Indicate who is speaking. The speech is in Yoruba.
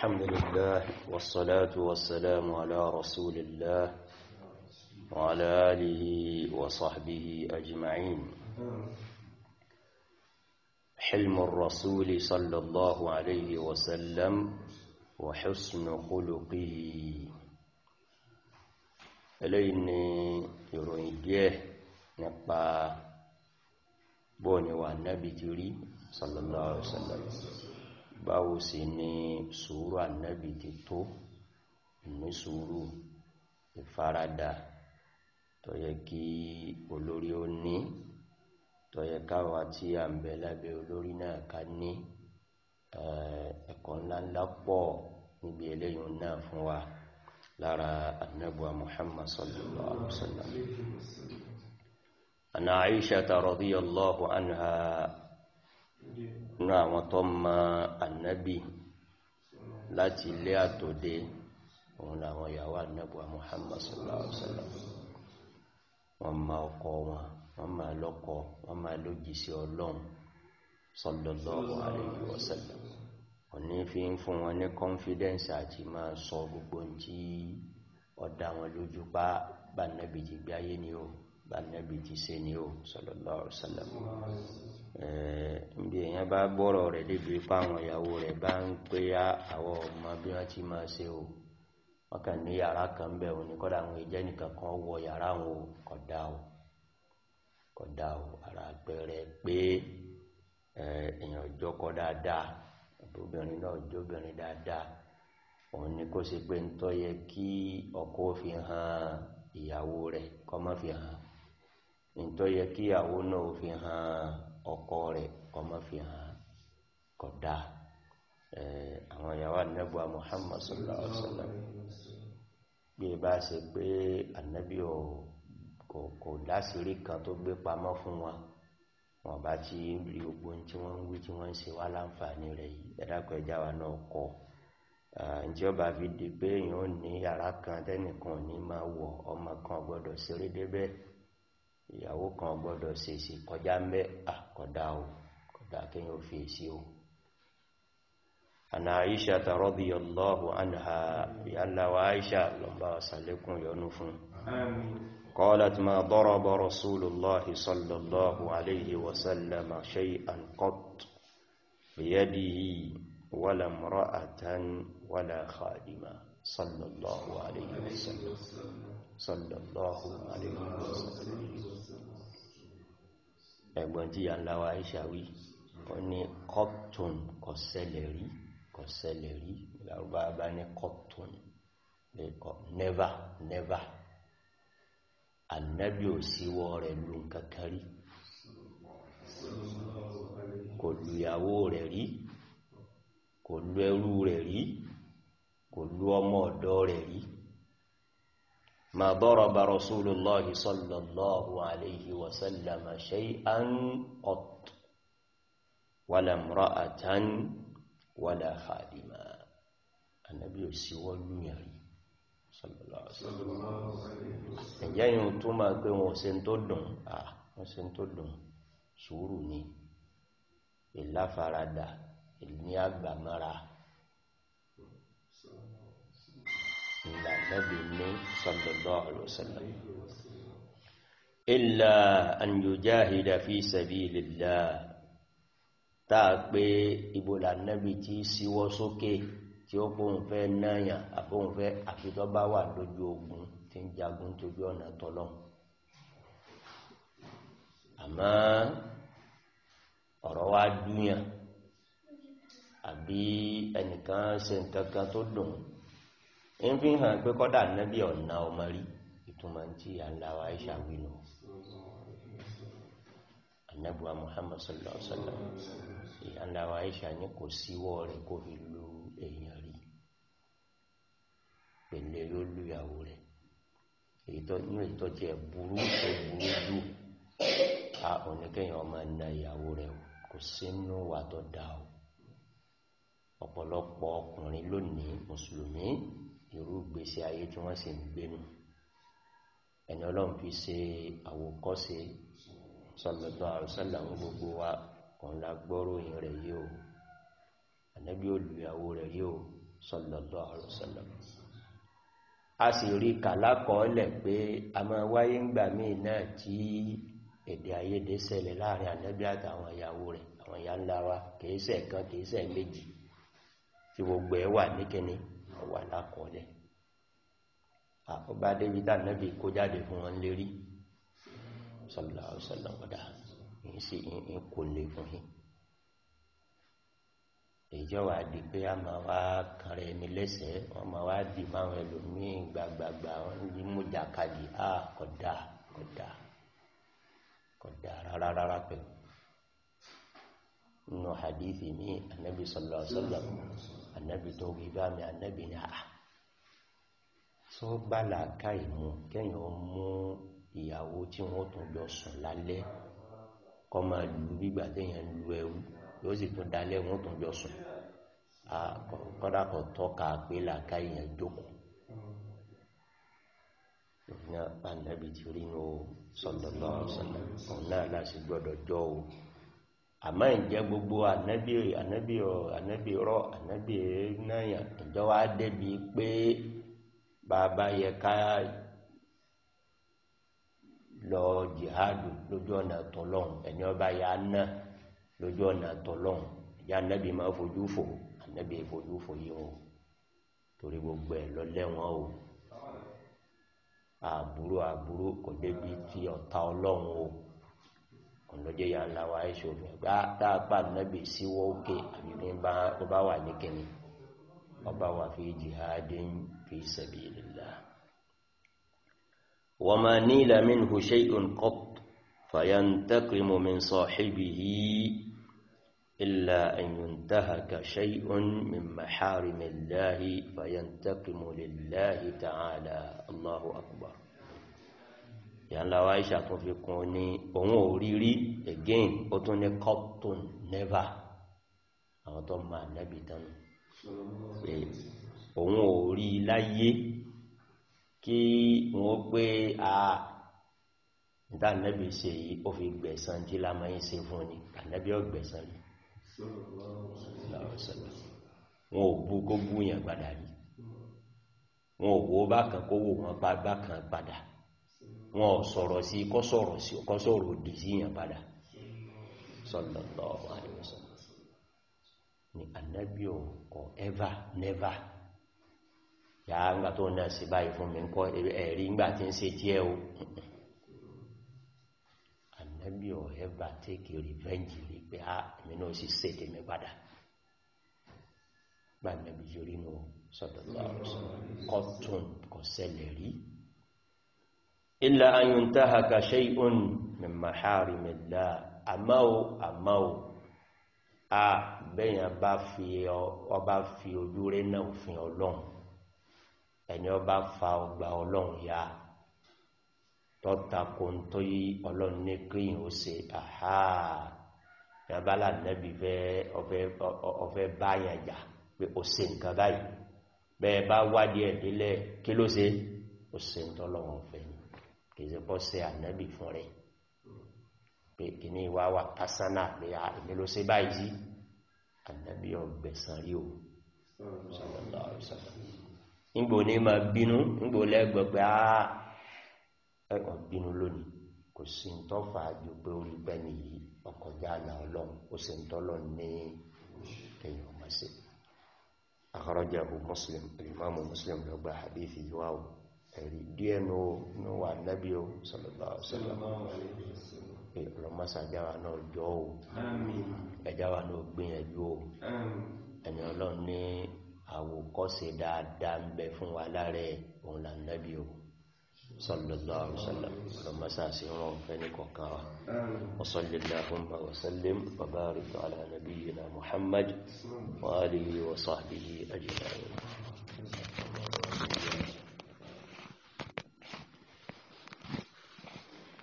Speaker 1: الحمد لله والصلاة والسلام على رسول الله وعلى آله وصحبه أجمعين حلم الرسول صلى الله عليه وسلم وحسن خلقه إليني يرويه نبقى بوني والنبي تري صلى الله عليه وسلم báwo sì ni sùúrù ànábì ti tó ìní sùúrù ìfaradà tó yẹ kí olórí ó ní tó yẹ káwa tí a ń bẹ lábẹ́ olórí náà ká ní ẹ̀kọ́ ńláńlá pọ̀ níbi eléyìí náà fún wa lára annabuwa muhammad sallallahu alaihi wasallam ana aisha radiyallahu anha nínú àwọn tó mọ ànábì láti ilé àtòdé òun làwọn ìyàwó ànábùwà Muhammad sallallahu alaihi wasallam wọ́n ma ọkọ wọn wọ́n ma lọ́kọ wọ́n ma lójíṣẹ́ Ọlọ́run sallallahu alaihi wasallam òní fi ń fún wọn ní confidence àti máa sọ gbogbo tí ọ̀dá wọn lójú pa bá nábì ti gbáyé ni ó bá nábì ti ṣe ni ó sallallahu alaihi wasallam bí èèyàn bá gbọ́rọ̀ rẹ̀ débi ipá àwọn ìyàwó rẹ̀ bá ń pé á àwọn ọmọ bí wọ́n ti máa ṣe o wọ́n kàn ní yàrá kan bẹ̀ òní kọ́dà àwọn ìjẹ́ nìkan kan wọ yàrá àwọn kódà o o ara àpẹẹrẹ pé èèyàn jọkọ dáadáa obìnrin náà jóbìnrin dáadáa òun ni kó ṣe pé ń tọ́ yẹ kí ọkọ fi hàn ìyàwó rẹ̀ kọ́ má fi hàn ń ọkọ rẹ̀ ọmọ fi hàn kódà eh, àwọn ìyàwó annabuwa Muhammad sallallahu alaihi wasallam bí i bá ṣe pé annabi kò láṣìírí kan tó gbé pamọ́ fún wa wọn bá ti rí ogun tí wọ́n ń wí tí wọ́n ń ṣe wá láǹfààní yìí ẹja wa náà eh, fi di pé ní yàrá kan ní máa ọmọ kan ṣeré ìyàwó kan gbọ́dọ̀ ṣèṣì kọjá mẹ́ àkọ́dá o kọ́dá kéyàn fi èsì o àna àyíṣà tàrọ́bì ọlọ́hù àníhà ìyàláwà àyíṣà lọ́mbà sàlékún yọnú fún قالت ما ضرب رسول الله صلى الله عليه وسلم شيئا قط بيده ولا امرأة ولا خادمة صلى الله عليه وسلم sallallahu alayhi wa sallam ẹ̀gbọ́n tí ya ń láwa Aisha wí wọ́n ní copton kò ṣẹlẹ̀ kò ṣẹlẹ̀ rí bá ní copton never never ànábì ò síwọ́ rẹ̀ ló ń kankan rí kò lu ìyàwó rẹ̀ rí kò lu ẹrú rẹ̀ rí kò lu ọmọ ọ̀dọ́ rẹ̀ rí ما ضرب رسول الله صلى الله عليه وسلم شيئا قط ولا امرأة ولا خادما النبي سوى يري صلى الله عليه وسلم ẹ̀yìn tó máa pé wọn ṣe ń tó dùn ah wọn ṣe ń tó dùn sùúrù ni ìláfaradà ìní àgbàmára النبي صلى الله عليه وسلم إلا أن يجاهد في سبيل الله pé ibo lànàbì tí síwọ́ sókè tí ó pòun fẹ́ náyà àbóun fẹ́ àfitọ́ bá wà lójú ogun tí ń jagun tójú ọ̀nà tọ́lọ́ àmọ́ ọ̀rọ̀ wa dúnyà àbí ẹnìkan ṣe nǹkan kan tó dùn ń fi hàn pé kọ́dà nẹ́bí ọ̀nà ọmọ rí ìtumọ̀ tí à ń la wa aisha wí nù anabuwa muhammad sallallahu alaihi wa sallam à ń la wa aisha ní kò síwọ́ rẹ̀ kó fi lu èèyàn rí pẹ̀lẹ́ ló lu ìyàwó rẹ̀ inú ètò tí burú tó burú jù a oníkẹyìn ọmọ ẹ̀nà ìyàwó rẹ̀ kò sínú wà tó dáa ọ̀pọ̀lọpọ̀ ọkùnrin lónìí mùsùlùmí irú gbèsè ayé tí wọ́n sì ń gbénu ẹni ọlọ́run fi ṣe àwòkọ́ṣe sallallahu alaihi wasallam gbogbo wa kàn la gbọ́rò yìí rẹ̀ yìí o ànábí olùyàwó rẹ̀ yìí o sallallahu alaihi wasallam a sì rí kàlákọ̀ọ́lẹ̀ pé a máa wáyé ńgbà míì náà tí èdè àìyedè ṣẹlẹ̀ láàrin ànábí àtàwọn ìyàwó rẹ̀ àwọn ìyá ńlá wa kìí ṣe kan kìí ṣe méjì tí gbogbo ẹ̀ wà níkẹ́ni ó wà lákọọ́lẹ̀ àkọ́bá débi tá nẹ́bí kó jáde fún wọn lérí sallallahu alaihi wasallam ọ̀dà ń ṣe ń kò lè fún yín ìjọba di pé a máa wá kan rẹ ní lẹ́sẹ̀ wọn máa wá di máwọn ẹlòmíín gbàgbàgbà wọn ní mújàkadì á kódà kódà kódà rárá pẹ̀lú nínú hadithi ní anabi sallallahu alaihi wasallam anabi tó wí bá mi anabi ní àá tó bá làákà ìmú kẹ́yìn ó mú ìyàwó tí wọ́n tún jọ sùn lálẹ́ kọ́ máa lu gbígbà téèyàn lu ẹrú yóò sì tún dalẹ́ wọ́n tún jọ sùn kọ́dà kan tọ́ka pé làákà ìyàn jókòó ìyá anabi ti rí ní o sallallahu àmọ́ ìjẹ́ gbogbo ànábì ànábì ànábì rọ́ ànábì náyàn ìjọ wá débi pé bàbá yẹ ká lọ jihadu lójú ọ̀nà tọ́lọ́hun ẹni ọba ya ná lójú ọ̀nà tọ́lọ́hun ìyá ànábì máa fojú fò ànábì fojú fò yìí o torí gbogbo ẹ̀ lọ lẹ́wọ̀n o àbúrò àbúrò kò débi tí ọ̀tá ọlọ́run o. ọ̀nàjẹ́ yà ńlá wa aisha obìnrin gbá dáàpá nàbì síwọ́ òkè àbíbí bá ọba wà ní kẹ́ni ọba wà fi jihadin fi sabilillah wa ma nila minhu shay'un qat fayantakrimu min sahibihi illa an yuntahaka shay'un min maharimillahi fayantakrimu lillahi ta'ala allahu akbar ìyànlá wa Aisha tó fi ní òun ò rí rí again ó tún ní cotton never àwọn tó máa nẹ́bi tán pé òun ò rí láyé kí wọ́n pé a níta nẹ́bi ṣe yìí ó fi gbẹ̀san tí lámà yín ṣe fún ni ànẹ́bi ó gbẹ̀san rí wọn ò bú kó bú yẹn padà rí wọn ò wo bákan kó wò wọn pa bákan padà wọn ò sọ̀rọ̀ sí kọ́sọ̀rọ̀ sí kọ́sọ̀rọ̀ òdì sí yàn padà sallallahu alaihi ni ànábì ọkọ̀ ever never yà á ńgbà tó náà sí báyìí fún mi ńkọ́ ẹ̀rí ńgbà tí ń ṣe díẹ̀ o ànábì ọ̀ ever take revenge rí pé á ah, èmi náà sì ṣe tèmi padà gbà nàbí yorì nù sallallahu alaihi wasallam kọ́sẹ̀lẹ̀ rí illa an yuntahaka shay'un min maharimillah àmáwò àmáwò a bẹ́yàn bá fi ọba fi ojú rẹ̀ náà òfin ọlọ́run ẹni ọba fa ọgbà ọlọ́run ya tọ́ta kò ń tó yí ọlọ́run ní kíyìn ó ṣe àhá ìyàbálà nẹ́bí ọfẹ́ báyàn jà pé ó ṣe nǹkan báyìí bẹ́ẹ̀ bá wádìí ẹ̀dílẹ̀ kí ló ṣe ó ṣe ń tọ́lọ́run fẹ́ ni kìí kọ́ sí ànábì fún rẹ̀ pé kìíní wá wà pásánà pé a èmi ló ṣe báyìí ànábì ọgbẹ̀sán rí o nígbò ní ma bínú nígbò lẹ́gbẹ̀ pé a ẹ̀kọ́ bínú lónìí kò sí ń tọ́fà ju pé orí pẹ́ni yìí ọkọjá àlà ọlọ́run ó sì ń tọ́lọ̀ ní èèyàn ọmọ sí akọrọjà Muslim Imam Muslim ló gba hadithi yìí o ẹ̀rí díẹ̀ ní wà o sallallahu alaihi wasallam ìrọmọ́sá jáwà náà jọ o ẹjáwà náà gbìyànjú o ẹni ọlọ́run ní dáadáa ń bẹ fún wa láàrẹ òun là nẹ́bí o sallallahu alaihi wasallam ìrọmọ́sá sí wọn fẹ́ ní kọ̀ọ̀kan wa wa sallallahu wa sallim wa barik ala nabiyyina Muhammad wa alihi wa